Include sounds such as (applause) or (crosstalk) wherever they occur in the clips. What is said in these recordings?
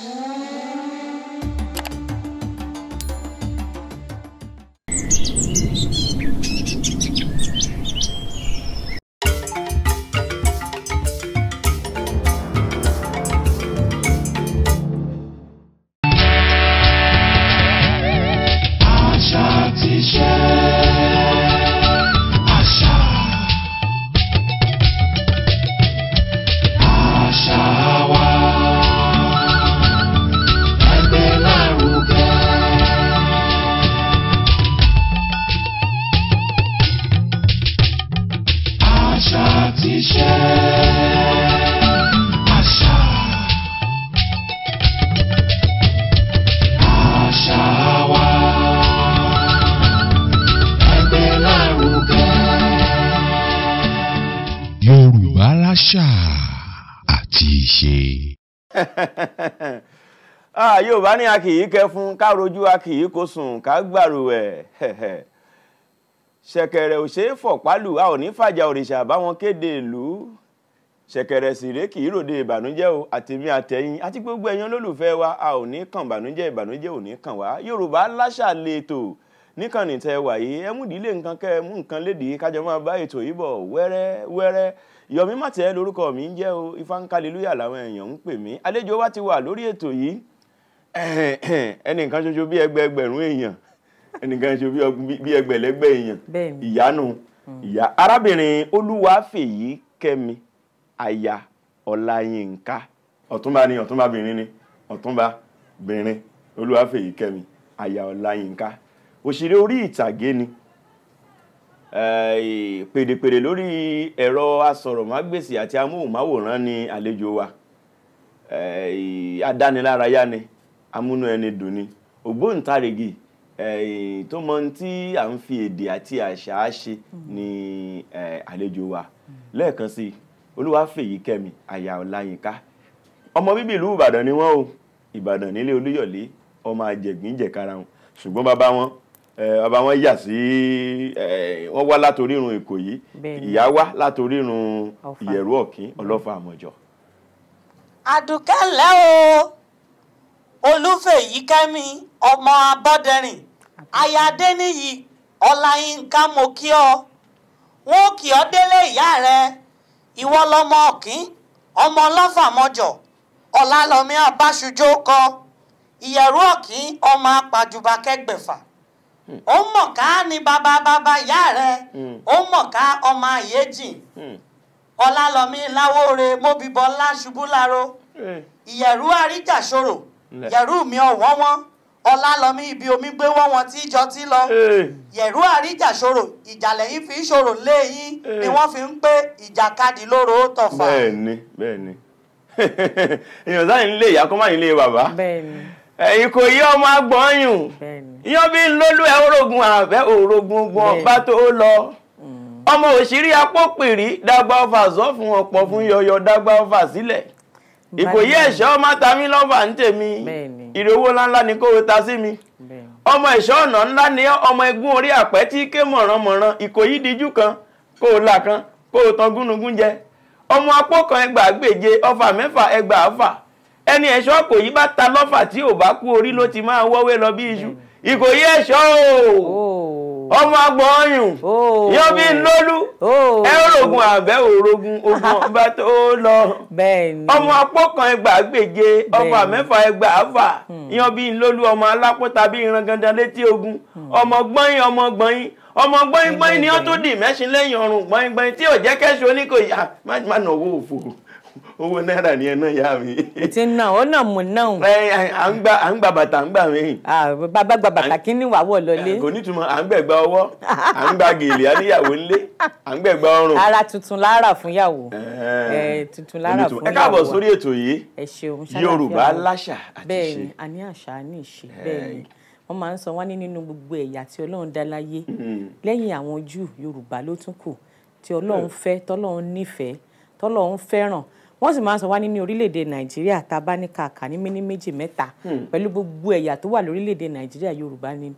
Thank you. àti ìṣe. (laughs) Ah, Yorùbá ní a kì í kẹfun ká rojú a kì í kó sùn ká gbàrú ẹ̀ (laughs) ṣẹ̀kẹ̀rẹ̀ ò ṣeé fọ̀pálù a ò ní fàjà òrìṣà báwọn kéde ìlú ṣẹ̀kẹ̀rẹ̀ sìré kì í ròde ìbànújẹ́ o àtèmi àtẹ̀yin àti gbogbo ẹ̀yin olólùfẹ́ wa a ò ní kàn bànújẹ́ ìbànújẹ́ ò ní kàn wá Yorùbá láṣà lè tò níkànnì tẹ wàyí ẹ mú ìdílé nǹkan kẹ mú nǹkan lédìí kájọ máa bá ètò yìí bọ̀ wẹ́rẹ́ wẹ́rẹ́ yọ̀mí màtẹ́ lórúkọ mi ń jẹ́ o ìfànkálẹ́lúyà làwọn èèyàn ń pè mí àlejò wa ti wà lórí ètò yìí (clears throat) ẹnìkan ṣoṣo bí ẹgbẹẹgbẹ̀rún èèyàn ẹnìkan ṣoṣo bí ẹgbẹ̀lẹ́gbẹ̀ èèyàn ìyánu hmm. ìyá arábìnrin olúwàfẹ̀yí kẹ́mi aya ọláyínká ọ̀túnba ni ọ̀túnbabìnrin ni ọ̀túnbabìnrin olúwàfẹ̀yí kẹ́mi aya ọláyínká òṣèré orí ìtàgé ni pèdèpèdè lórí ẹ̀rọ asọ̀rọ̀mágbèsì àti amóhùnmáwòrán ni àlejò wa adánilárayá ni amúnú ẹni dùn ni ògbóǹtarìgì tó mọ tí à ń fi èdè àti àṣà ṣe ni àlejò wa lẹ́ẹ̀kan sí Olúwafẹ́yìkẹ́mi aya Ọláyínká ọmọ bíbí ìlú Ìbàdàn ni wọ́n o Ìbàdàn nílé Olúyọ̀lé ọmọ àjẹgbìnjẹ̀kara wọn ṣùgbọ́n bàbá wọn ọba wọn yà sí wọn wá látòrírun Ìkòyí ìyá wá látòrírun ìyẹ̀rú ọ̀kín ọlọ́fà àmọ̀jọ. àdùkẹ́ ńlẹ́ o olúfèyí kẹ́mi ọmọ abọ́dẹrìn ayáde níyì ọláyínká mo kí ọ wọn ò kì ọ délé ìyá rẹ ìwọ lọmọ ọ̀kín ọmọ ọlọ́fà àmọ̀jọ ọlálọmí abáṣujó kọ ìyẹ̀rú ọ̀kín ọmọ apàjùbà kẹgbẹ̀fà ó mọ̀ ká ni bàbá bàbá ìyá rẹ̀ ó mọ̀ ká ọmọ àyèjìn hmm. ọlálọ́mí láwóore mọ́bíbọ́lá ṣubúláró eh. ìyẹ̀rú àríjàṣòro yẹ̀rú mi ọ̀wọ́n wọn ọlálọ́mí ibi omi gbé wọ́n wọn tí jọ ti lọ eh. yẹ̀rú àríjàṣòro ìjàlẹ̀ yìí fi ń ṣòro léyìn ni eh. wọ́n fi ń pé ìjàkadì lóró tọ̀fà. bẹ́ẹ̀ni bẹ́ẹ̀ni (laughs) èèyàn sáà ń lé ìyá kó má ń lé bàbá. bẹ́ẹ̀ni ìkò yí ọmọ agbọ̀nyùn yán bí ń lólú ẹ orogun àbẹ́ orogun gun ọba tó lọ mm. ọmọ òṣìrí apópìrí dágbà ọfà sọ fún ọ̀pọ̀ fún yọyọ dágbà ọfà sílẹ̀ tami lọ́fà ń tèmi ńláńlá ni ta sí ọmọ ẹ̀ṣọ́ ọ̀nà ńlá ni ọmọ orí ké mọ̀rànmọ̀ràn kan kan gúnugún jẹ ọmọ ẹni ẹ̀ṣọ́ kò yí bá ta lọ́fà tí ò bá kú orí ló ti máa wọ́wé lọ bí iṣu ìkòyí ẹ̀ṣọ́ o oh. ọmọ agbọ̀n ọyùn oh. yóò bí lólú oh. ẹ orogun àbẹ́ orogun ogun ọba tó lọ ọmọ apọ́kan ẹgbà gbèje ọmọ àmẹ́fà ẹgbà àfà hmm. yan bí lólú ọmọ alápọ́ta bí ìran gandan létí ogun hmm. ọmọ gbọ́yìn ọmọ gbọ́yìn ọmọ gbọ́yìn gbọ́yìn ni wọ́n tó dì mẹ́sìn lẹ́yìn ọrùn gbọ́yìn gbọ́yìn tí ò jẹ́ kẹ́sùn oníkòyí ah, má nà owó òfò owó náírà ni ẹ náà yá mi. ti ná ọ náà mú náà. ẹ à ń gba à ń gba bàtà à ń gbà mí. bàbá gba bàtà kí ni wàá wọ̀ lọlé. kò ní túmọ̀ à ń gbẹ̀gbà ọwọ́ à ń gba gèlè àníyàwó ńlé à ń gbẹ̀gbà ọrùn. ara tuntun lára fún yàwó. ẹ tuntun lára fún yàwó. ẹ káàbọ̀ sórí ètò yìí. ẹ ṣeun ṣáláfíà Yorùbá láṣà àti ṣe. bẹ́ẹ̀ni àní àṣà àní ìṣe bẹ́ẹ̀ni wọ́n máa ń sọ wá ní nínú gbogbo ẹ̀yà tí Ọlọ́run dá láyé hmm. lẹ́yìn àwọn Júù Yorùbá ló tún kù tí Ọlọ́run hmm. fẹ́ tọ́lọ́run nífẹ̀ẹ́ tọ́lọ́run fẹ́ràn wọ́n sì máa ń sọ wá ní ní orílẹ̀-èdè nàìjíríà tá a bá ní kàkà ní méní méjì mẹ́ta hmm. pẹ̀lú gbogbo ẹ̀yà tó wà lórílẹ̀-èdè nàìjíríà yorùbá ni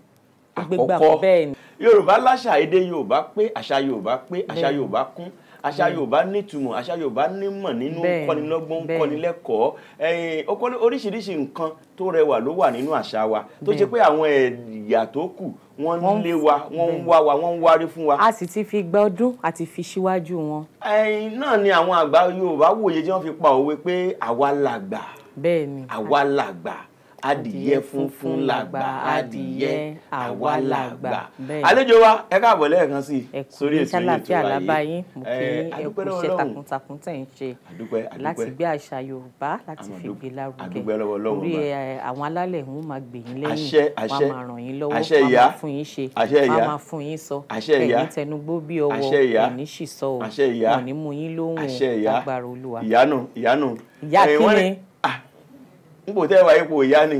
gbégbá bẹ́ẹ̀ ni. yorùbá láṣà èdè yorùbá pé àṣà yorùbá pé àṣà yorùbá kún àṣà yorùbá nítumọ̀ àṣà yorùbá nímọ̀ nínú kọ́nilọ́gbọ́n kọ́nilẹ́kọ̀ọ́ oríṣiríṣi nǹkan tó rẹwà ló wà nínú àṣà wa tó ṣe pé àwọn ẹ̀yà tó kù wọ́n ń lé wa wọ́n ń wá wa wọ́n ń wárí fún wa. a sì ti fi gba ọdún àti fi síwájú wọn. ẹyin náà ni àwọn àgbà Yorùbá wòye tí wọ́n fi pa òwe pé àwa làgbà. bẹ́ẹ̀ni àwa làgbà adìyẹ funfun làgbà adìyẹ àwa làgbà àlejò wa ẹ káàbọ̀ lẹ́ẹ̀kan sí i sórí ètò yìí tó wáyé iṣẹ́ takuntakun tẹ̀ ń ṣe láti gbé àṣà Yorùbá láti fi gbé lárugẹ orí àwọn alálẹ̀ ń máa gbè yín lẹ́yìn wọn máa ràn yín lọ́wọ́ wọn máa fún yín ṣe wọn máa fún yín sọ ẹ̀yin tẹnugbó bí ọwọ́ òní sì sọ ò òní mú yín lóhùn lágbára Olúwa ìyanu ìyanu ìyá kí ni npò tẹ́ wà ipò ìyá ni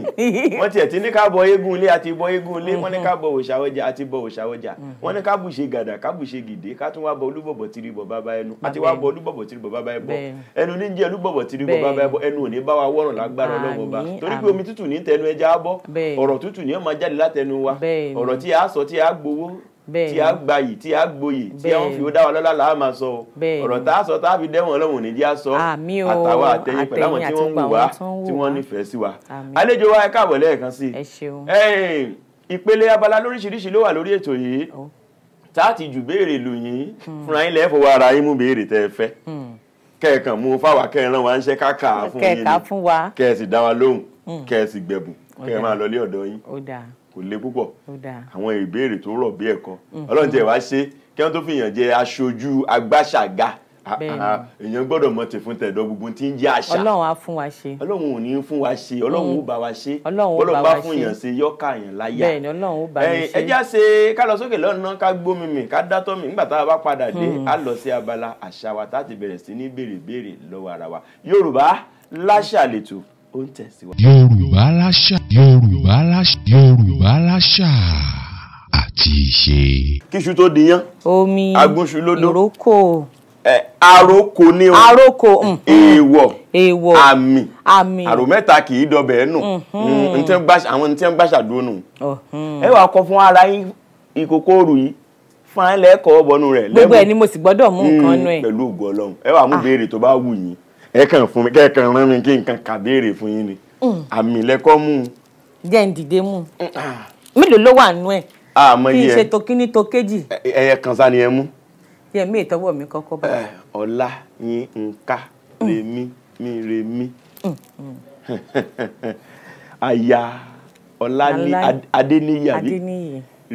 (laughs) wọ́n tiẹ̀ ti ní ká bọ eégún ilé àti bọ eégún ilé wọ́n ní mm-hmm. ká bọ òòṣà ọjà àti bọ òòṣà ọjà mm-hmm. wọ́n ní ká bùṣe gàdà ká bùṣe gìdè ká tún wá bọ olúbọ̀bọ̀ tiri bọ̀ bàbá ẹnu àti wá bọ olúbọ̀bọ̀ tiri bọ̀ bàbá ẹbọ ẹnu ní jẹ́ olúbọ̀bọ̀ tiri bọ̀ bàbá ẹbọ ẹnu ò ní bá wa wọ́rùn lágbára ọlọ́wọ́ bá torí tí a gba yìí tí a gboyè tí a ń fi dá wa lọ́lá là á máa sọ ọ̀rọ̀ tá a sọ tá a fi dẹ́wọ̀n ọlọ́run ní díà sọ àtàwọn àtẹ̀yìn pẹ̀lú àwọn tí wọ́n wù wá tí wọ́n nífẹ̀ẹ́ sí wa àlejò wa ẹ káàbọ̀ lẹ́ẹ̀kan sí i ìpele abala lóríṣiríṣi ló wà lórí ètò yìí tá a ti jù béèrè lù yín hmm. fúnra yín lẹ́ẹ̀fọ́ wa ara yín mú béèrè tẹ́ ẹ fẹ́ hmm. kẹ́ẹ̀kan mú fáwa kẹ́ẹ̀ràn kò le púpọ̀ àwọn ìbéèrè tó rọ̀ bí ẹ̀kọ́ mm-hmm. ọlọ́run tí ẹ wá ṣe kí wọ́n tó fi yàn jẹ aṣojú agbáṣàga ah, ah, èèyàn gbọ́dọ̀ mọ tìfún tẹ̀dọ̀ gbogbo tí ń jẹ́ àṣà ọlọ́run á fún wa ṣe ọlọ́run ò ní fún wa ṣe ọlọ́run ó mm. bá wa ṣe ọlọ́run bá fún yàn ṣe yọ́ka yàn láyà bẹ́ẹ̀ni ọlọ́run ó bá mi ṣe ẹjá ṣe ká lọ sókè lọ́nà ká gbómi mì ká dátọ́ mi nígbà tá a bá padà dé á mm. lọ sí abala àṣà wa tá a ti bẹ̀rẹ̀ sí ní béèrè béèrè lọ́wọ́ ara wa Yorùbá láṣà lètò ó ń tẹ̀síwájú. Yorùbá láṣà Yorùbá láṣà Yorùbá láṣà àti ìṣe. kíṣu tó di yán. omi agúnṣu lódó. ìrókò. ẹ àròkò ni o. àròkò. Mm, mm. èèwọ̀ èèwọ̀ àmì àmì àrò mẹ́ta kì í dọbẹ̀ ẹ́ nù. Mm-hmm. Mm, àwọn ní tí wọ́n bá ṣàdúró nù. Mm-hmm. ẹ wàá kọ fún ara yín ìkókó òrù yìí fún ẹ lẹ́kọ̀ọ́ bọ́nú rẹ̀ gbogbo ẹ ni mo sì gbọ́dọ̀ mú nǹkan nù ẹ. pẹ̀lú ògùn ọlọ́run ẹ wàá mú ah. béèrè tó bá wù yín ẹ kàn fún mi kẹ́ ẹ kàn rán mi kí n kàn kàbéèrè fún yín ni mm. àmì lẹ́kọ́ mú. jẹ́ ń dìde mú mm, ah. mélòó ló wà nú ẹ̀ ah, kí n ṣe tokíní tó kéjì. ẹyẹ kan ni ẹ mú. yẹ mí ìtọ́wọ́ mi kọ́kọ́ bá. Eh, ọ̀la yín nká mm. rèmí mi rèmí. àyà ọ̀la ní adéníyì àbí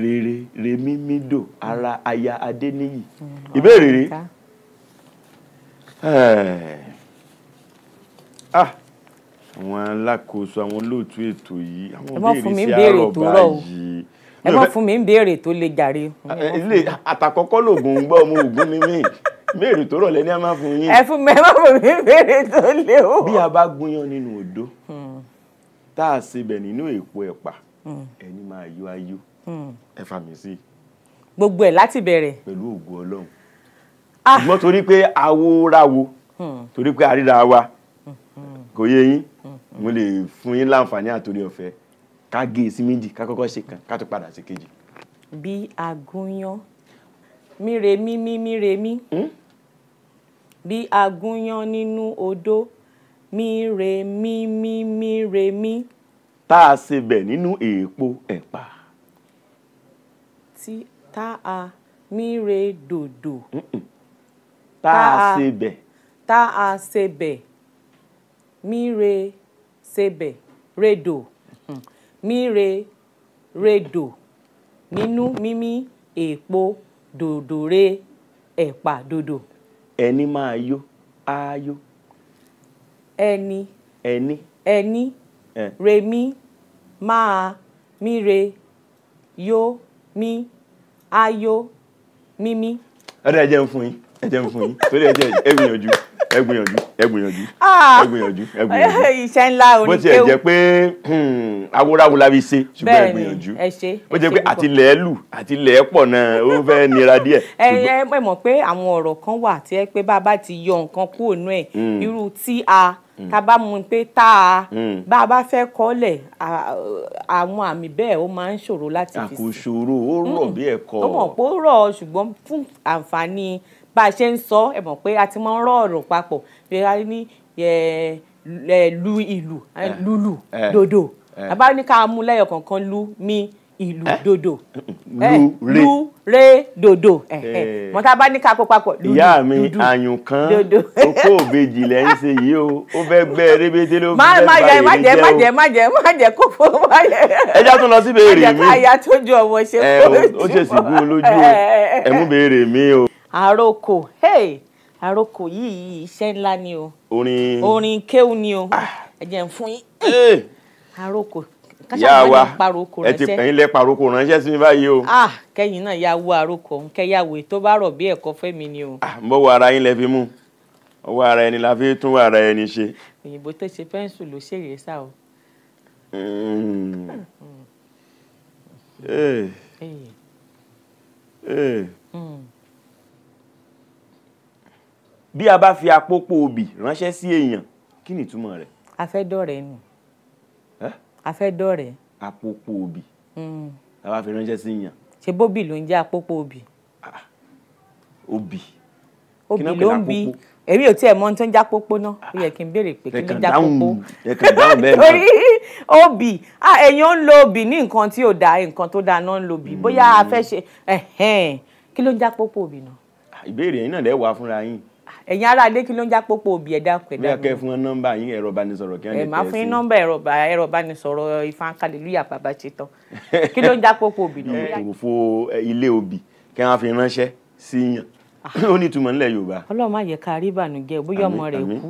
rèrè rèmí mídò ara àyà adéníyì ìbéèrè rèé ah àwọn alákòóso àwọn olóòtú ètò yìí àwọn béèrè sí àárọ̀ báyìí ẹ mọ fún mi ń béèrè tó le jàre. Ah, eh, ilé àtàkọ́kọ́ lògùn ń gbọ́ ọmọ ògùn ni mí béèrè tó rọ̀ lẹ́ni a máa fún yín. ẹ fún mi ẹ má fún mi béèrè tó le o. bí a bá gúnyán nínú odó hmm. tá a sebẹ̀ nínú èpo ẹ̀pà hmm. ẹni máa yọ ayọ̀ hmm. ẹ fà mí sí. gbogbo ẹ̀ láti bẹ̀rẹ̀. pẹ̀lú ògùn ọlọ́run ah. ṣùgbọ́n torí pé awo ra wo torí pé àríra wa. Mm. kò yé yín mm, mm. mo lè fún yín láǹfààní àtòrí ọ̀fẹ́ ká gé e sí méjì ká kọ́kọ́ ṣe kan ká tó padà ṣe kejì. bí agúnyán míremí mí míremí hmm? bí agúnyán nínú odó míremí mí míremí. tá a ṣe bẹ̀ nínú èèpo ẹ̀pà. tí tá a mire dòdò. tá a ṣe bẹ̀. tá a ṣe bẹ̀. mire sebe redo mire redo nínú mímí èèpo re ẹ̀pà dòdò. ẹni máa yó ayó. yó. ẹni. ẹni. ẹni. remi máa mire yó mi ayó yó mímí. ọ̀rẹ́ ẹ jẹun fún yín ẹ jẹun fún yín torí ẹ jẹ ẹ gbìyànjú. ẹ gbìyànjú ẹ gbìyànjú ah! ẹ gbìyànjú ẹ gbìyànjú iṣẹ́ ńlá oníkéwù bó tiẹ̀ jẹ́ pé hmm, awúráwù la fi ṣe ṣùgbọ́n ẹ gbìyànjú bó tiẹ̀ pé àti ilẹ̀ lù àti ilẹ̀ pọ̀ náà ó fẹ́ nira díẹ̀. (laughs) ẹ ẹ mọ̀ pé àwọn ọ̀rọ̀ kan wà tí ẹ pé bàbá ti yọ nǹkan kúrò nú ẹ̀ hmm. irú tí a hmm. ta bá mu pé tá a bá a bá fẹ́ kọ́lẹ̀ àwọn àmì bẹ́ẹ̀ ó máa ń ṣòro láti fi sí. àkóṣòro ó rọ̀ bí ẹ̀kọ́. ó mọ̀ pé ó rọ̀ ṣùgbọ́n fún àǹfààní bá a ṣe ń sọ ẹ mọ̀ pé a ti máa ń rọ ọ̀rọ̀ papọ̀ bí a ní lu ìlù eh, lulu eh, dodo àbá eh. ní ká mú lẹ́yọ kọ̀ọ̀kan lu mi ìlù dodo lu re dodo mọ tá a bá ní ká kó papọ̀ lulu dodo, ìyá mi àyùn kan okó òbejì lẹ́yìn ṣe yìí o ó fẹ́ gbẹ́ rébété ló fẹ́ bá èrè jẹ́ o má jẹ́ má jẹ́ má jẹ́ má jẹ́ kó fún un má jẹ́ ẹja tún lọ sí béèrè mi ó jẹ́ sìnkú olójú ẹ̀mú béèrè mi o àròkò hey àròkò yìí iṣẹ́ ńlá ni o orin orin kéwù ni o ah. ẹ jẹ́ ń fún yín àròkò yà wá ẹ ti pẹ̀yìn lẹ́ paroko ránṣẹ́ sí mi báyìí o. ah kẹ́yìn náà ya wo àròkọ òun kẹ́yàwó tó bá rọ̀ bí ẹ̀kọ́ fẹ́mi ni o. Ah! mo wọ ara yín lẹ fi mú ọwọ́ ara ẹni la fi tún ara ẹni ṣe. òyìnbó tó ṣe pẹ́ńsù ló ṣèrè sá o. Hmm. Hmm. ee ee. Hmm bí a bá fi àpòpò òbí ránṣẹ́ sí èèyàn kí ni ìtumọ̀ rẹ̀. afẹ́dọ̀rẹ́ nù. afẹ́dọ̀rẹ́. àpòpò òbí. Hmm. a bá fi ránṣẹ́ sí èèyàn. ṣé bóbì ló ń jẹ́ àpòpò òbí. òbí. òbí ló ń bi èmi ò tiẹ̀ mọ ohun tó ń já pópó náà ah, ó yẹ kí n béèrè pé kí n já pópó torí obì èèyàn ń lo obì ní nǹkan tí ò dáa nǹkan tó dáa náà ń lo obì bóyá a fẹ́ ṣe kí ló ń já pópó obì náà. Ah, ìbéèrè yín náà lè wá fúnra yín ẹ̀yin ará ilé kí ló ń já pópó òbí ẹ̀dá pẹ̀lú. bí akẹ́ fún nọ́mbà yín ẹ̀rọ ìbánisọ̀rọ̀ kí wọ́n lè tẹ̀ sí. ẹ̀ máa fún yín nọ́mbà ẹ̀rọ ìbánisọ̀rọ̀ ìfankàlélúyà bàbá ṣe tán kí ló ń já pópó òbí náà. òfò ilé òbí kí wọ́n fi ránṣẹ́ sí yàn ah. (laughs) ó ní ìtumọ̀ nílẹ̀ Yorùbá. Ọlọ́run má yẹ ká rí ìbànújẹ́ bóyá ọmọ rẹ̀ kú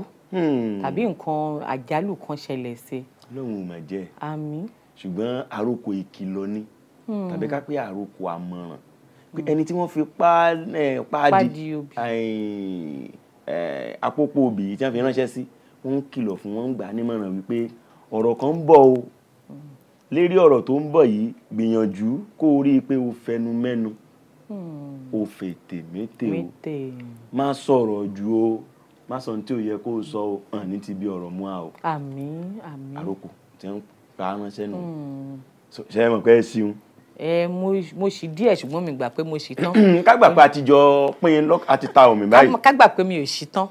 tàbí nǹkan àjálù kan ṣẹlẹ̀ sí. Ọlọ́run ò mà jẹ́ ṣùgbọ́n àròkọ ìkìlọ̀ ni hmm. tàbí ká pé àròkọ àmọ̀ràn Mm. ẹni tí wọ́n fi páàdì àpòpọ̀ òbí tí wọ́n fi ránṣẹ́ sí wọ́n ń kìlọ̀ fún wọn ń gbà nímọ̀ràn wípé ọ̀rọ̀ kan ń bọ̀ o mm. lérí ọ̀rọ̀ tó ń bọ̀ yìí gbìyànjú kó o rí i pé o fẹnu mẹ́nu mm. o fètè mété o má sọ̀rọ̀ jù o má sọ ní tí o yẹ kó o sọ o hàn ní ti bí ọ̀rọ̀ mú a o. àròkù tí wọ́n pa ránṣẹ́ nù ṣe mọ̀ pé ẹ ṣeun ẹ mo ṣì díẹ̀ ṣùgbọ́n mi gbà pé mo ṣì tán. (clears throat) ká gbà pé àtijọ́ pín in àti ta omi báyìí. ká pé mi ò ṣì tán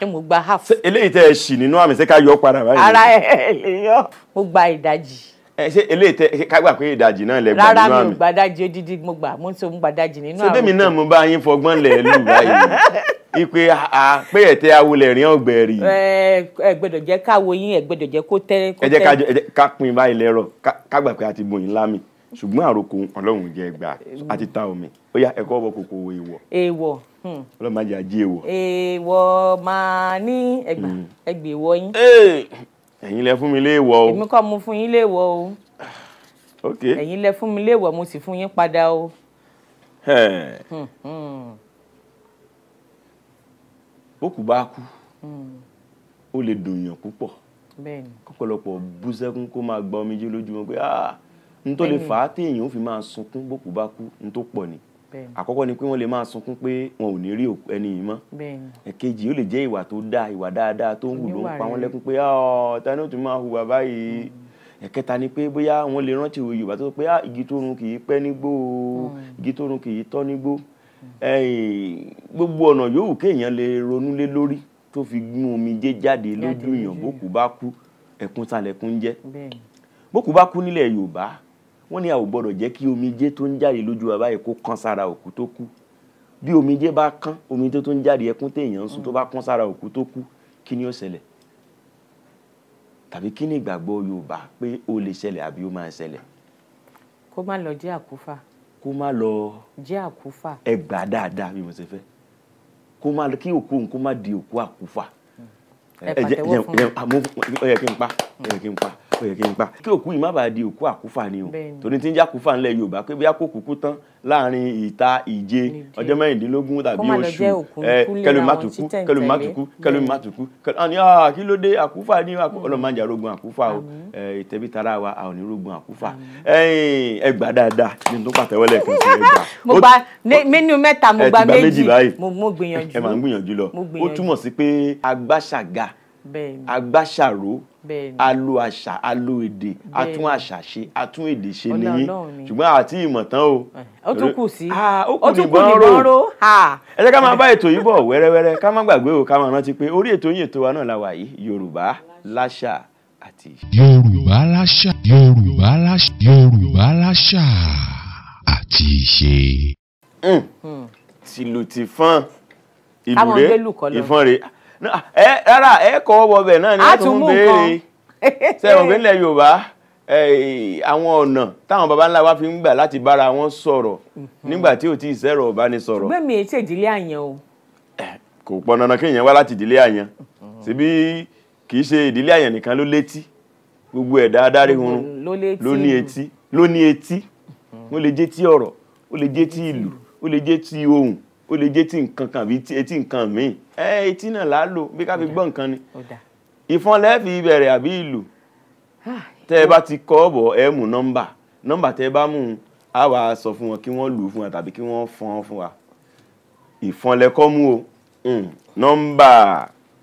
ṣé mo gba half. eléyìí tẹ ẹ ṣì nínú àmì ṣé ká yọ padà báyìí. ara ẹ lè yọ. mo gba ìdajì. ẹ ṣe eléyìí tẹ ká gbà pé ìdajì náà lẹ gbà nínú àmì. rárá mi ò gba dájì odidi mo gbà mo ń sọ mo gba dájì nínú àwọn. ṣé bẹ́ẹ̀ náà mo bá yín fọgbọ́n lẹ̀ lù báyìí ipe (laughs) a pé ẹ̀tẹ́ awolẹ̀ rìn ọ̀gbẹ̀ rí. ẹ gbọ́dọ̀ jẹ́ káwo yín ẹ gbọ́dọ̀ jẹ́ kó tẹ́. ẹ jẹ́ ká pin báyìí lẹ́rọ̀ ká gbà pé a ti bòyìn lámì ṣùgbọ́n àròkò ọlọ́run jẹ́ gbà àti ta omi ó yá ẹ̀kọ́ ọ̀bọ kòkò èèwọ̀. èèwọ̀ hmm. ọlọ́run máa jẹ́ ajé èèwọ̀. èèwọ̀ máa ní ẹgbà hmm. ẹgbẹ̀ èèwọ̀ yín. ẹ̀yin lẹ fún mi léèwọ̀ o. èmi kọ́ mo fún yín léèwọ̀ o. ok ẹ̀yin lẹ fún mi léèwọ̀ mo sì fún yín padà o. bókù hmm, bá kú ó lè dùn yàn púpọ̀ kọ́pọ̀lọpọ̀ bú sẹ́kún kó máa gba omijé lójúmọ́ pé ah n tó lè fà á téèyàn ó fi máa sunkún bókú bá kú n tó pọ̀ ni àkọ́kọ́ ni pé wọ́n lè máa sunkún pé wọn ò ní rí ẹni yìí mọ́ ẹ̀kejì ó lè jẹ́ ìwà tó dáa ìwà dáadáa tó ń wù ló ń pa wọ́n lẹ́kún pé ah, ta ni ó tún máa hùwà báyìí mm. ẹ̀kẹta ni pé bóyá wọ́n lè rántí òwe Yorùbá tó sọ pé ah, igi tó run kì í pẹ́ nígbó mm. igi tó run kì í tọ́ nígbó mm. gbogbo ọ̀nà yòówù kéèyàn lè ronú lé lórí tó fi gún omijé jáde lójú èèyàn bókú bá kú ẹ̀kún jẹ́ bókú bá kú nílẹ̀ Yorùbá wọ́n ní a ò gbọ́dọ̀ jẹ́ kí omijé tó ń jáde lójú wa báyìí kó kán sára òkú tó kú bí omijé bá kán omijé tó ń jáde ẹkún téèyàn ń sun tó bá kán sára òkú tó kú kí ni ó ṣẹlẹ̀ tàbí kí ni ìgbàgbọ́ Yorùbá pé ó lè ṣẹlẹ̀ àbí ó máa ṣẹlẹ̀. kó má lọ jẹ́ àkúfà. kó má lọ jẹ́ àkúfà. ẹ gbà dáadáa bí mo ṣe fẹ́ kó má kí òkú òun kó má di òkú àkúfà. ẹ pàtẹ́wọ́ fún mi. ẹ jẹ́ kí n pa ẹ jẹ́ kí n pa. Mm ó yẹ kí n pa kí òkú yìí má bàa di òkú àkúfà ni o torí tí ń jẹ́ àkúfà ńlẹ̀ Yorùbá pé bóyá kò kúkú tán láàrin ìta ìje ọjọ́ mẹ́rìndínlógún tàbí oṣù kẹlò má tún kú kẹlò má tún kú kẹlò má tún kú àní kí ló dé àkúfà ní mm. ọlọ́mọdé arógun àkúfà o ìtẹ́bí tara wa àwọn onírúgbìn àkúfà ẹ gbà dáadáa ní tó pàtẹ́wọ́lẹ̀ kan sí ẹgbà. (laughs) mo gba mẹ́nu mẹ́ta mo gba méjì mo gbìyànjú ẹ máa ń gbìyànjú lọ ó túmọ̀ sí pé agbáṣàga agbáṣàró alo àṣà alo èdè atún àṣà ṣe atún èdè ṣe nìyí ṣùgbọ́n àti ìmọ̀tán o. ó tún kù sí ó tún kù nìbọn ró. ẹ jẹ́ ká máa bá ètò yìí bọ̀ wẹ́rẹ́wẹ́rẹ́ ká má gbàgbé o ká máa rántí pé orí ètò yìí ètò wa náà la wà yìí Yorùbá láṣà àti. Yorùbá láṣà Yorùbá láṣà Yorùbá láṣà àti ìṣe. Hmm. Hmm. tìlù tìfọ́n ìlú rẹ̀ ìfọ́n rẹ̀ rárá ẹ kọ́ wọ bẹ̀ náà ni wọ́n tún béèrè sẹ́wọ̀n (laughs) pé nílẹ̀ Yorùbá àwọn ọ̀nà táwọn baba ńlá wa fi ń gbà láti bára wọn sọ̀rọ̀ mhm. nígbà tí ò tí ì sẹ́rọ̀ ọ̀bá ni sọ̀rọ̀. gbẹ̀mí ètò ìdílé àyàn o. kò pọn dandan kéèyàn wá láti ìdílé àyàn síbí mhm. kì í ṣe ìdílé àyàn nìkan ló létí gbogbo ẹ̀dá adarí hun ló ní etí ló ní etí mhm. ó lè jẹ́ ti ọ̀rọ̀ ó lè jẹ́ ti ìlú ó lè jẹ́ ti ohùn ó lè jẹ́ tí nǹkan kan àbí etí nǹkan míì ẹ etí náà là á lò bí ká fi gbọ́ nǹkan ni ìfọn lẹ́ẹ̀fì bẹ̀rẹ̀ àbí ìlù tẹ́ ẹ bá ti kọ́ ọ̀bọ̀ ẹ mú nọ́mbà nọ́mbà tẹ́ ẹ bá mú a wá sọ fún wọn kí wọ́n lù ú fún wa tàbí kí wọ́n fọn fún wa ìfọn lẹ́kọ́ mú o hmm, nọ́mbà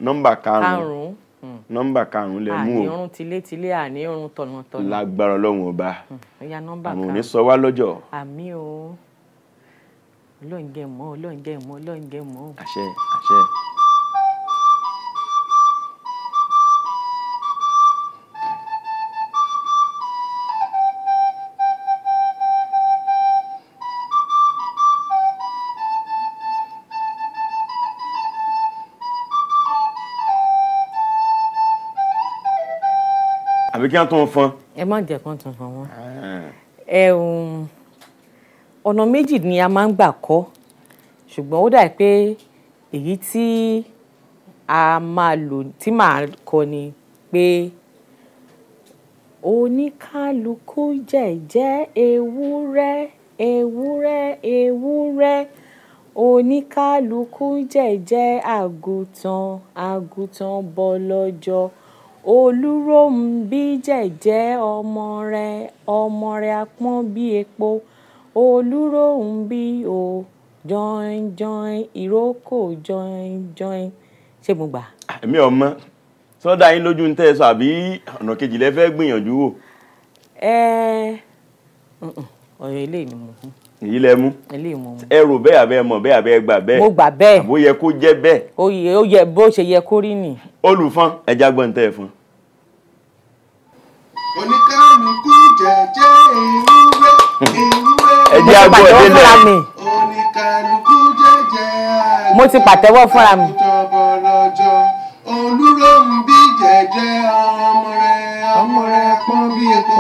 nọ́mbà karùn-ún hmm. nọ́mbà karùn-ún lẹ mú o àníorun tilé tilé àníorun tọ̀nà lágbára ọlọ́run ọba hmm, àwọn ò ní sọ wá lọ́jọ́ àmín o ọlọ́run jẹ́ mọ́ ọlọ́run jẹ́ mọ́ ọlọ́run jẹ́ mọ́. àṣẹ àṣẹ. àbí kí wọ́n tún fọn. ẹ má jẹ́ kán tún fọn wọn. Ah. ẹ ò. Um, ọ̀nà méjì ni a máa ń gbà kọ́ ṣùgbọ́n ó dà pé èyí tí a máa lò tí màá kọ́ ni pé oníkálukú jẹ̀jẹ́ ewúrẹ́ ewúrẹ́ ewúrẹ́ oníkálukú jẹ̀jẹ́ àgùntàn àgùntàn bọ́ lọ́jọ́ olúróǹbí jẹ̀jẹ́ ọmọ rẹ̀ ọmọ rẹ̀ apọ́n bí epo olúróhùnbí o jọin join, ìrókò jọin join, ṣé mo gbà. èmi ọmọ sọdá yín lójú ń tẹ ẹ sọ àbí ọ̀nà kejì lẹ fẹ́ gbìyànjú wò. ẹ ọ̀rọ̀ ilé mi mọ̀ fún èyí lẹ mú ẹ rò bẹ́ẹ̀ abẹ́ mọ̀ bẹ́ẹ̀ abẹ́ gbà bẹ́ẹ̀ mo gbà bẹ́ẹ̀ àbó yẹ kó jẹ́ bẹ́ẹ̀. ó yẹ ó yẹ bó ṣe yẹ kó rí nì. olùfọn ẹja gbọ́n tẹ́ ẹ fún. oníkànnì kú jẹ́jẹ́ ewúrẹ́ ẹ jẹ́ àgbọ̀ délẹ̀ mo ti pàtẹ́wọ́ fúnra mi. olúròhùn bí jẹjẹ ọmọ rẹ ọmọ rẹ pọ́n bí epo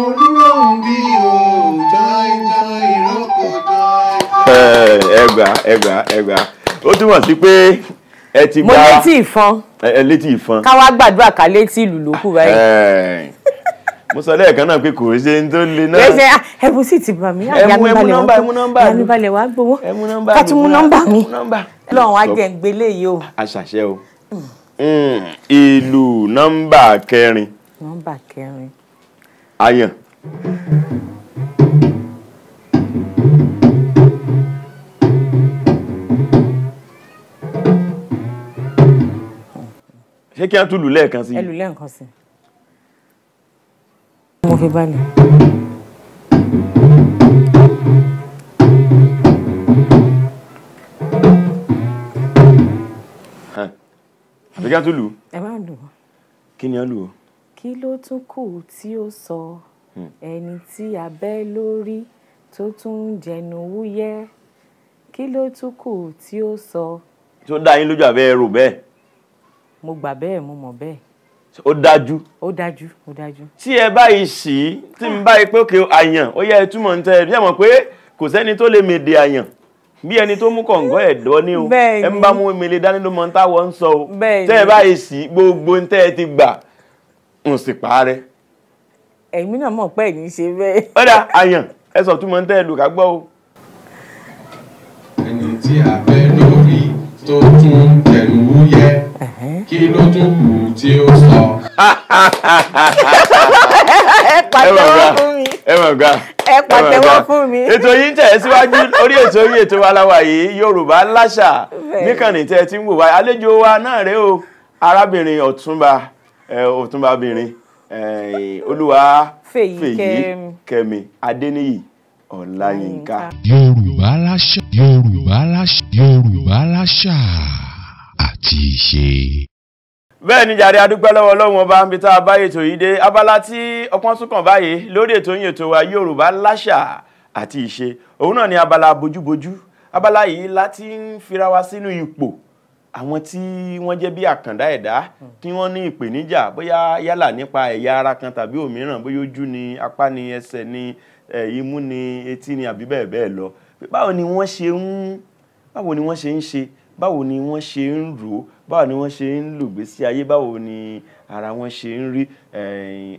olúròhùn bí òòjọ́ ìjọ ìrókò jọ. ẹgbà ẹgbà ẹgbà ó túmọ̀ sí pé ẹ ti gba mo létí ìfọn ẹ létí ìfọn ká wá gbàdúrà ká létí ìlú lókù báyìí mo sọ lẹ́ẹ̀kan náà pé kò ṣe ń tó le náà. ẹsẹ ah, ẹmu sì ti bà mí àyàmúbalẹ̀ ah, wá gbowó kátìmú nọ́mbà mi lọ́run á jẹ́ ń gbélé yìí o. aṣàṣẹ o hmm. hmm, ìlú nọ́mbà kẹrin. nọ́mbà kẹrin. ayàn. ṣé kí á tún lù lẹ́ẹ̀kan sí i. ẹ lù lẹ́ẹ̀kan sí i mo fi balẹ̀. àbíká tó lù ú. ẹ má lù ú. kí ni a lù ú. kí ló tún kù tí ó sọ hmm. ẹni tí a bẹ́ lórí tó tún ń jẹnu wúyẹ́ kí ló tún kù tí ó sọ. tó dá yín lójú àbẹ́ mo gbà bẹ́ẹ̀ mo mọ̀ bẹ́ẹ̀ ó dájú. ó dájú ó dájú. tí ẹ báyìí sì í tí n báyìí pé òkè àyàn ó yẹ ìtumọ̀ ń tẹ ẹ bí ẹ mọ̀ pé kò sẹ́ni tó lè mèdè àyàn bí ẹni tó mú kọ̀ǹgọ́ ẹ̀dọ́ ni o ẹ ń bá mú emele dání ló mọ ń táwọ̀ ń sọ o tẹ́ ẹ báyìí sì í gbogbo ń tẹ́ ẹ ti gbà ń sì parẹ́. ẹ̀mí náà mọ̀ pé ẹ̀yìn ṣe bẹ́ẹ̀. ó dà àyàn ẹ sọ túmọ̀ ń tẹ́ lù ká o. ẹni tí a fẹ́ lórí tó tún tẹnu wúyẹ́ kí ló tún kù tí ó sọ. (laughs) ẹ pàtẹ́wọ́ fún mi. ẹ mọ̀ gá ẹ pàtẹ́wọ́ fún mi. ètò yìí ń tẹ̀ síwájú orí ètò yìí ètò aláwa yìí Yorùbá Láṣà níkànnì tẹ́ ti ń wò wá àlejò wa náà rèé o arábìnrin ọ̀túnba ọ̀túnbabìnrin olúwa fèyí kẹ́mi adéníyì ọláyínká. Yorùbá Láṣà Yorùbá Láṣà Yorùbá Láṣà àti ìṣe bẹ́ẹ̀ ni jàre adúpẹ́ lọ́wọ́ Ọlọ́run ọba níbi tá a bá ètò yìí dé abala tí ọpọ́n tún kàn báyìí lórí ètò yìí ètò wa Yorùbá láṣà àti ìṣe òun náà ni abala bojúbojú abala yìí láti ń fira wa sínú ipò àwọn tí wọ́n jẹ́ bí àkàndá ẹ̀dá tí wọ́n ní ìpèníjà bóyá yálà nípa ẹ̀yà ara kan tàbí òmíràn bóyá ojú ni apá ni ẹsẹ̀ ni imú ni etí ni àbí bẹ́ẹ̀ bẹ́ẹ̀ lọ báwo ni wọ́n ṣe ń báwo ni wọ́n ṣe ń ṣe báwo ni wọ́n ṣe ń rò ó báwo ni wọ́n ṣe ń lùgbésí ayé báwo ni ara wọn ṣe ń rí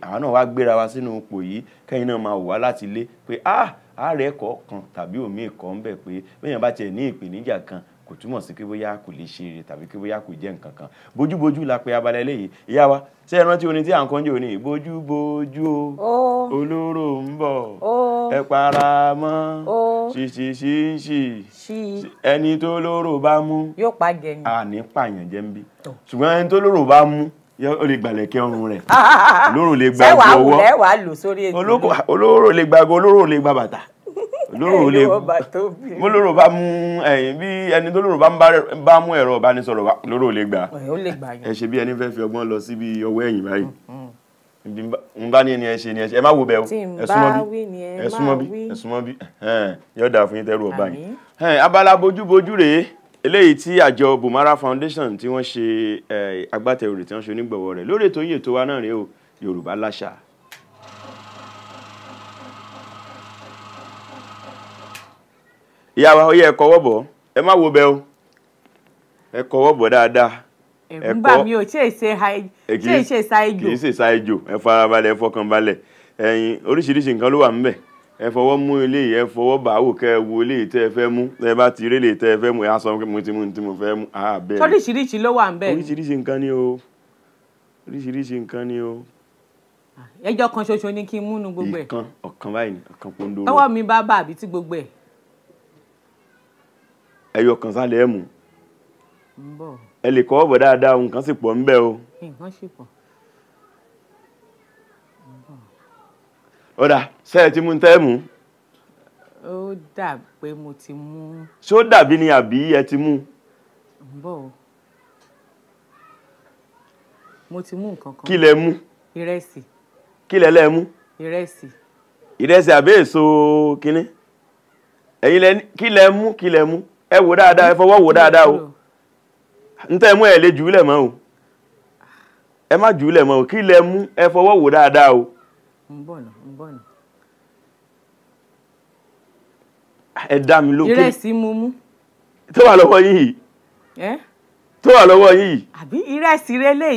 àwa náà wá gbéra wa sínú ipò yìí kẹ́yìn náà máa wò láti ilé pé ah àárẹ̀ ẹ̀kọ́ kan tàbí òmíì kan ń bẹ pé bẹ́yàn bá tiẹ̀ ní ìpèníjà kan kò túmọ̀ sí pé bóyá kò lè ṣe eré tàbí pé bóyá kò jẹ́ nǹkan kan bójúbójú la pe abala eléyìí ìyá wa ṣé ẹ rántí orin tí à ń kọ́njọ́ òní bójúbójú o olóró ń bọ̀ ẹ para mọ́ ṣìṣì ṣìṣì ẹni tó lóró bá mú yóò pa gẹ̀ẹ́nì àní pààyàn jẹ́ ń bí ṣùgbọ́n ẹni tó lóró bá mú o lè gbàlẹ̀kẹ́ ọrùn rẹ̀ (laughs) lóró lè gba ọwọ́ olóró lè gba olóró lè gba bàtà lóró lè mo lóró bá mú ẹ̀yin bí ẹni tó lóró bá mú ẹ̀rọ ìbánisọ̀rọ̀ lóró lè gbà ẹ ṣe bí ẹni fẹ́ fi ọgbọ́n lọ síbi ọwọ́ ẹ̀yìn báyìí n mm-hmm. bá ní ẹni ẹ ṣe ni ẹ ṣe ẹ má wo bẹ́ẹ̀ o ẹ súnmọ́ bí ẹ súnmọ́ bí ẹ súnmọ́ bí yóò dáa fún yín tẹ́rù ọba yìí. abala bojúbojú rèé eléyìí tí àjọ Bùmárà Foundation tí wọ́n ṣe agbátẹrù rẹ̀ tí wọ́n ṣe onígbọ̀wọ́ rẹ̀ lórí ètò yìí ètò wa náà rèé o Yorùbá láṣà ìyá wa ó yẹ ẹ ẹ má wo bẹ́ẹ̀ o dáadáa mi ò ṣe ìṣe ṣáájú. kì í ṣe ṣáájú ẹ farabalẹ̀ ẹ fọkànbalẹ̀ ẹ̀yin oríṣiríṣi nǹkan ló wà ńbẹ̀ ẹ fọwọ́ mú eléyìí ẹ fọwọ́ bá wò kẹ́ ẹ wo eléyìí mú ẹ ló wà oríṣiríṣi nǹkan o oríṣiríṣi nǹkan ni o. kan gbogbo ìkan ọ̀kan báyìí ọ̀kan ọwọ́ mi bá gbogbo ẹ̀. ẹyọ kan sálẹ̀ ẹ̀ mú ẹ lè kọ́ ọ̀bọ̀ dáadáa nǹkan sì pọ̀ ńbẹ̀ o. nǹkan sì pọ̀. ọ̀dà ṣé ẹ ti mú tẹ́ mú. ó dà pé mo ti mú. ṣé ó dàbí ni àbí ẹ ti mú. ń bọ̀ o mo ti mú nǹkan kan. kí lẹ mú. ìrẹsì. kí lẹ lẹ mú. ìrẹsì. ìrẹsì àbí èso kínní ẹ̀yin lẹ kí lẹ mú kí lẹ mú. ẹ wò dáadáa ẹ fọwọ́ wò dáadáa o ntẹ tẹ́ mú ẹ lè jùúlẹ̀ mọ́ o ẹ má jùúlẹ̀ mọ́ o kí lẹ mú ẹ fọwọ́ wò dáadáa o ẹ dá mi lókè ìrẹsì mú mú tó wà lọ́wọ́ yìí tó wà lọ́wọ́ yìí àbí ìrẹsì rẹ́lẹ̀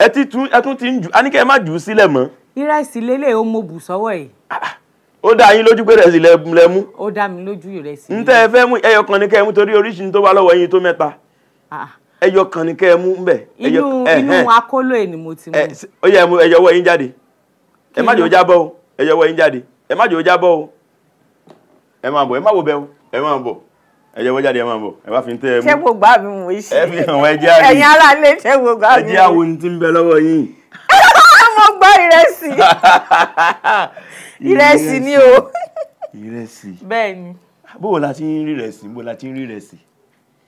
ẹ tún ti ń jù á ní ẹ má jù ú sílẹ̀ mọ́ ìrẹsì lélẹ̀ ó bù sọ́wọ́ yìí ah, ah. ó dá yín lójú pé rẹ̀ sí lẹ mú. ó dá mi lójú ìrẹsì. n tẹ́ ẹ fẹ́ mú ẹyọ kan ní kẹ́ ẹ mú torí oríṣi tó bá lọ́wọ́ yín tó mẹ́ta. Ah. ẹyọ kan ní kẹ́ mú mbẹ̀. inú inú akóló ẹ ni mo ti mú. ó yẹ mú ẹyọ wọ yín jáde ẹ má jẹ́ ó jábọ́ o ẹyọ wọ yín jáde ẹ má jẹ́ ó jábọ́ o ẹ máa bọ̀ ẹ má wo bẹ́ o ẹ máa bọ̀ ẹjẹ wọ́n jáde ẹ máa bọ̀ ẹ wá fi ń ẹ mú. ṣé gbogbo àmì mò ń ṣe ẹ̀yin ara lè ṣe gbogbo àmì mò ń ṣe. ẹ jẹ́ ń bẹ lọ́wọ́ yín mo gbọ́ ìrẹsì (laughs) ìrẹsì ni o ìrẹsì bẹ́ẹ̀ ni. bó la ti ń rí ìrẹsì bó la ti ń rí ìrẹsì.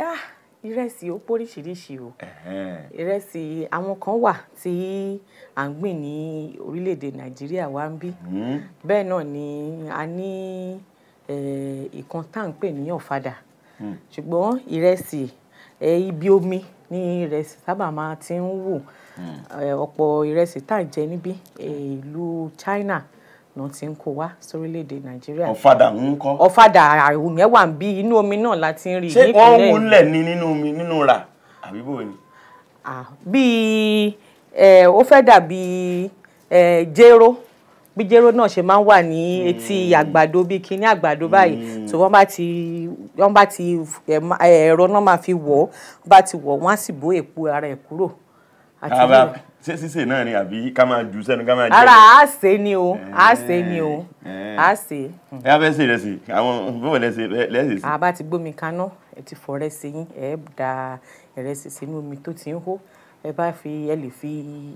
Ah, ìrẹsì ó póríṣiríṣi o ìrẹsì àwọn kan wà tí à ń gbìn ní orílẹ̀-èdè nàìjíríà wa ń bí hmm. bẹ́ẹ̀ náà ni a ní ìkan tá à ń pè ní ọ̀fadà hmm. ṣùgbọ́n ìrẹsì ibi omi ni ìrẹsì sábà máa ti ń wù. Eh, ọ̀pọ̀ ìrẹsì tá à ń jẹ níbí ìlú China náà ti ń kó wá sórílẹ̀-èdè Nàìjíríà. ọ̀fadà ń kọ́. ọ̀fadà àrùn yẹn wà bí inú omi náà la ti ń rí. ṣé wọ́n ń wúlẹ̀ ní nínú omi nínú rà àbí bò ni. bíi ó fẹ́ dàbí jéró bí jéró náà ṣe máa ń wà ní etí hmm. àgbàdo bíi kíní àgbàdo báyìí tó hmm. wọ́n bá ti ẹ̀rọ náà máa fi wọ̀ ọ́ bá ti wọ̀ wọ́n á sì bó èpo ara ẹ̀ kúrò àti ṣé sísè náà ni àbí ká máa jù sẹ́nu ká máa jẹ́ ara á ṣe ni o á ṣe ni o á ṣe. ẹ á fẹ́ ṣe rẹ̀ sí àwọn bọ́ọ̀ lẹ́sẹ̀ lẹ́sẹ̀ sí. àbá ti gbómi kaná ẹ ti fọ rẹ́sẹ̀ yín ẹ da ìrẹsì sínú omi tó ti ń hó ẹ bá fi ẹ lè fi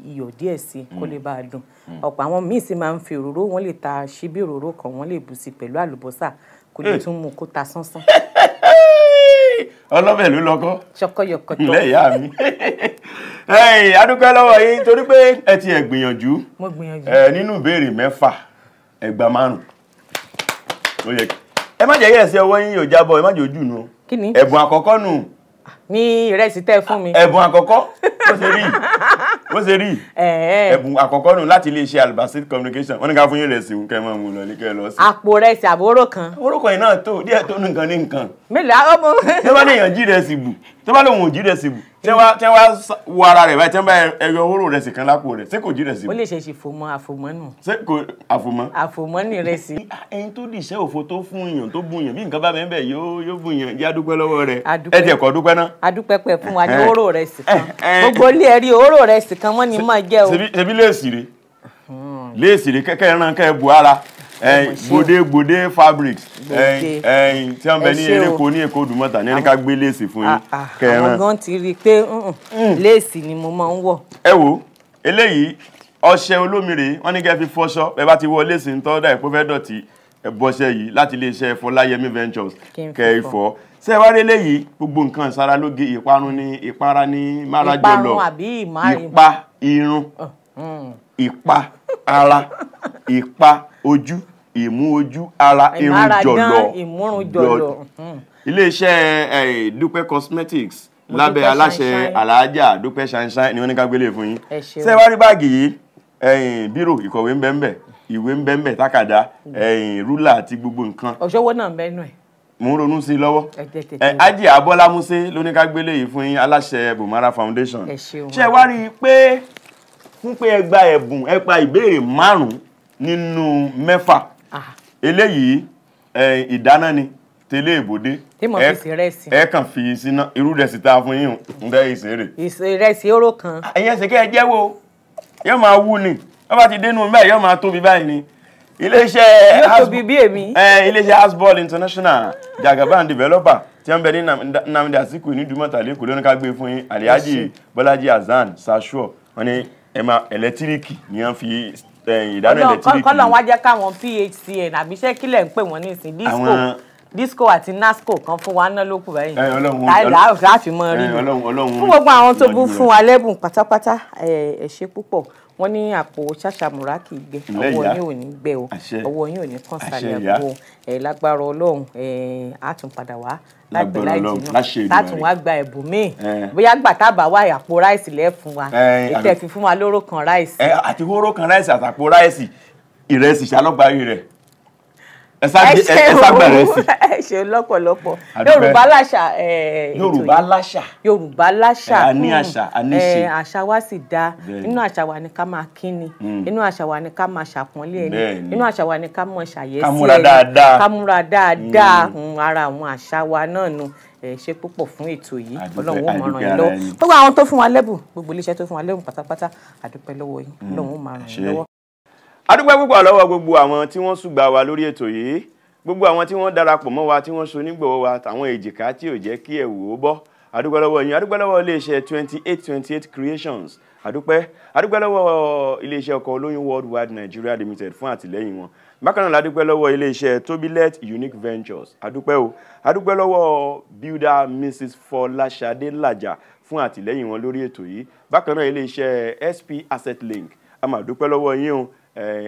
iyọ̀ díẹ̀ sí kó mm. lè bá a dùn mm. ọ̀pọ̀ àwọn míì sì máa ń fi òróró wọn lè ta ṣíbí òróró kan wọn lè bù sí pẹ̀lú àlùbọ́sà kó lè eh. tún mú kó ta sánsán. (laughs) ọlọ́bẹ̀ ló lọ́kọ́ ṣọkọ mi. (laughs) adúpẹ́ lọ́wọ́ yín torí pé ẹ ti ẹ̀ gbìyànjú nínú ìbéèrè mẹ́fà ẹgbà márùn ẹ má jẹ́ yẹ̀sẹ̀ ọwọ́ yín yóò jábọ̀ ẹ má jẹ́ ojú nu ẹ̀bùn àkọ́kọ́ nù ah, ní ìrẹsì tẹ́ fún mi. ẹ̀bùn àkọ́kọ́ bó ṣe rí bó ṣe rí ẹ̀bùn àkọ́kọ́ nù láti iléeṣẹ́ albasit communication wọ́n ní ká fún yín ìrẹsì òun kẹ́ máa mú lọ ní kẹ́ lọ sí. àpò ìrẹsì àbórò kan. orúkọ yìí náà tó díẹ̀ tó nìkan ní nǹkan. mélòó àwọn ọmọ. tó bá lè yàn jí bù tó bá lè ò jí ìrẹsì bù tẹ́ wá wo ara rẹ̀ báyìí tẹ́ bá ẹyọ oró rẹ̀ sì kan lápò rẹ̀ ṣé kò jí rẹ̀ sí. ó lè ṣe ṣe fòmọ àfòmọ́ nù. ṣé kò àfòmọ́. àfòmọ́ nì rẹ̀ sí. ẹni tó dì iṣẹ́ òfo tó fún yàn tó bu yàn bí nǹkan bá bẹ́ẹ̀ bẹ́ẹ̀ yóò yóò bu yàn yá dúpẹ́ lọ́wọ́ rẹ̀ ẹ tiẹ̀ kọ́ dúpẹ́ náà. adúpẹ́ pẹ̀ fún wa ní oró rẹ̀ sì kan (laughs) gbogbo ilé ẹ̀rí oró rẹ̀ sì kan wọ́n ní máa jẹ́ o. ṣebí léèsì rè hmm. léèsì rè kẹ́kẹ́ ẹran kẹ́ bu ara gbòde eh, gbòde fabrics eh, eh, tí wọ́n bẹ ní eréko ní èkó dùmọ̀tà ní ẹnìkan gbé léèsì fún yín ah, ah, kẹrin. àwọn gan ti rí i pé mm, mm, mm. léèsì ni mo máa ń wọ̀. ẹ wo eléyìí ọṣẹ olómi rèé wọ́n ní kẹ́ fi fọṣọ ẹ bá ti wọ léèsì ń tọ́ dà ẹ̀ pé fẹ́ dọ̀tí bọ́ṣẹ́ yìí láti iléeṣẹ́ Fọláyẹmí Ventures kẹ́ ìfọ́ ṣé ẹ wá rí eléyìí gbogbo nǹkan ìsara lóge ìparun ní ìpara ní márajọlọ ìpa irun ìpa ara ìpa ojú ìmú ojú ara irun jọ̀lọ̀ hmm. iléeṣẹ́ Dúpẹ́ cosmetics lábẹ́ aláṣẹ aláàjà Dúpẹ́ ṣanṣan ni wọ́n ní ká gbélé fún yín ṣé wá rí báàgì yìí bírò ìkọ̀wé ń bẹ ń bẹ ìwé ń bẹ ń bẹ tákàdá hmm. rúlà àti gbogbo nǹkan ọ̀ṣọ́wó náà ń bẹ nù mo ń ronú sí i lọ́wọ́ Aji Abọ́lá Musè yìí fún yín aláṣẹ Bùmárà foundation ṣé wá rí i pé fún pé ẹ gba ẹ̀bùn ẹ pa ìbéèrè márùn-ún nínú mẹ́fà eléyìí ìdáná ni tẹ́lẹ̀ ìbòdé ẹ kàn fi síná irú rẹsì tá a fún yín ń dẹ́ ìṣeré. ìrẹsì oró kan. ẹ̀yẹ́ ah, ṣe kẹ́ ẹ jẹ́wọ́ yóò máa wú ni wọ́n bá ti dénú báyìí yóò máa tóbi báyìí ni iléeṣẹ́ iléeṣẹ́ asball international jagaban developer tí wọ́n bẹ ní Nnamdi Azikiwe ní Ìdúmọ̀tà lẹ́kọ̀ọ́ lónìí ká gbé fún yín Alhaji Bọ́lájí Hasan Sasuo wọ́n ní ẹ̀ma ni wọ́n fi ìdáná ẹ̀lẹ́tíríkì. kọ́lọ̀ wá jẹ́ káwọn phcn àbíṣẹ́ kílẹ̀ ń pè wọ́n nísìn disco disco àti nasco kan fún wa ná ló kù báyìí láàfin mọ rí mi fún gbogbo àwọn tó bú fún wa lẹ́bùn pátápátá ẹ ṣé púpọ̀ wọ́n ní àpò ṣàṣàmùrà kì í gbẹ ọwọ́ yín ò ní gbẹ o ọwọ́ yín ò ní kàn sálẹ̀ àpò ẹ̀ lágbára ọlọ́run ẹ̀ á tún padà wá lágbèrè àìjìnà láti wọn á gba ẹ̀bùn míì bóyá gbà tábà wá àpò ráìsì lẹ́fun wa ètò ẹ̀fín fún wa lóró kan ráìsì. àti hóró kan ráìsì àtàpò ráìsì ìrẹsì ṣàlọ́gbàrí rẹ̀ ṣe (laughs) ṣe lọ́pọ̀lọpọ̀ yorùbá láṣà yorùbá láṣà yorùbá láṣà a ní hmm. àṣà a ní ṣe àṣà wa sì dá inú àṣà wa ni ká máa kíni hmm. inú àṣà wa ni ká máa ṣàpọ́nlé ẹni inú àṣà wa ni ká mọ̀ ṣàyẹ́sí ẹni ká múra dáadáa ká múra dáadáa hmm. ara àwọn àṣà wa náà nu ẹ ṣe púpọ̀ fún ètò yìí ọlọ́run ó máa ràn yín lọ́wọ́ gbogbo àwọn tó fún wa lẹ́bùn gbogbo iléeṣẹ́ tó fún wa lẹ́bùn pátápátá àdúpẹ́ lọ́wọ́ yín ọlọ́run ó máa ràn yín lọ́wọ́ adúpẹ́ púpọ̀ lọ́wọ́ gbogbo àwọn tí wọ́n ṣùgbà wa lórí ètò yìí gbogbo àwọn tí wọ́n darapọ̀ mọ́ wa tí wọ́n so nígbọ̀wọ́ wa tàwọn èjìká tí ò jẹ́ kí ẹ̀wù ó bọ́ adúpẹ́ lọ́wọ́ yín adúpẹ́ lọ́wọ́ iléeṣẹ́ twenty eight twenty eight creations adúpẹ́ adúpẹ́ lọ́wọ́ iléeṣẹ́ ọkọ̀ olóyún worldwide nigeria limited fún àtìlẹ́yìn wọn bákan náà ládúpẹ́ lọ́wọ́ iléeṣẹ́ tobilet unique ventures adúpẹ́ o adúpẹ́ lọ́wọ́ builder mrs fọláṣadé làjà fún àtìlẹ́yìn wọn lórí ètò yìí bákan náà iléeṣẹ́ sp asset link a máa dúpẹ́ lọ́wọ́ yín o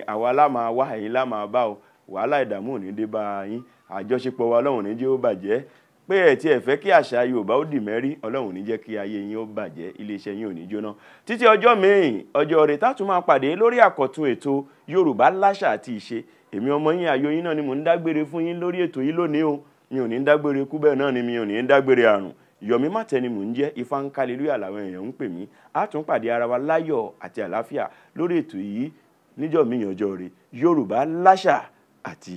àwa láàmà wá ẹ̀yin láàmà bá o wàhálà ìdààmú ò ní dé bá yín àjọṣepọ̀ wa ọlọ́run ní jẹ́ ó bàjẹ́ pé ẹ tiẹ̀ fẹ́ kí àṣà yorùbá ó dì mẹ́rí ọlọ́run ní jẹ́ kí ayé yín ó bàjẹ́ iléeṣẹ́ yín ò ní jóná títí ọjọ́ míì ọjọ́ rẹ̀ tá tún máa pàdé lórí àkọ́tún ètò yorùbá láṣà àti ìṣe èmi ọmọ yín àyò yín náà ni mò ń dágbére fún yín lórí ètò yìí lónìí o mi ò ní dágbére kú bẹ́ẹ̀ náà ni mi ò ní dágbére àrùn yọ̀mí mátẹni mò ń jẹ́ ifá ń kálẹ̀ lóyà làwọn èèyàn ń pè mí á ara wa láyọ̀ àti àlàáfíà lórí ètò yìí níjọ́ mi yànjọ́ rẹ̀ Yorùbá láṣà àti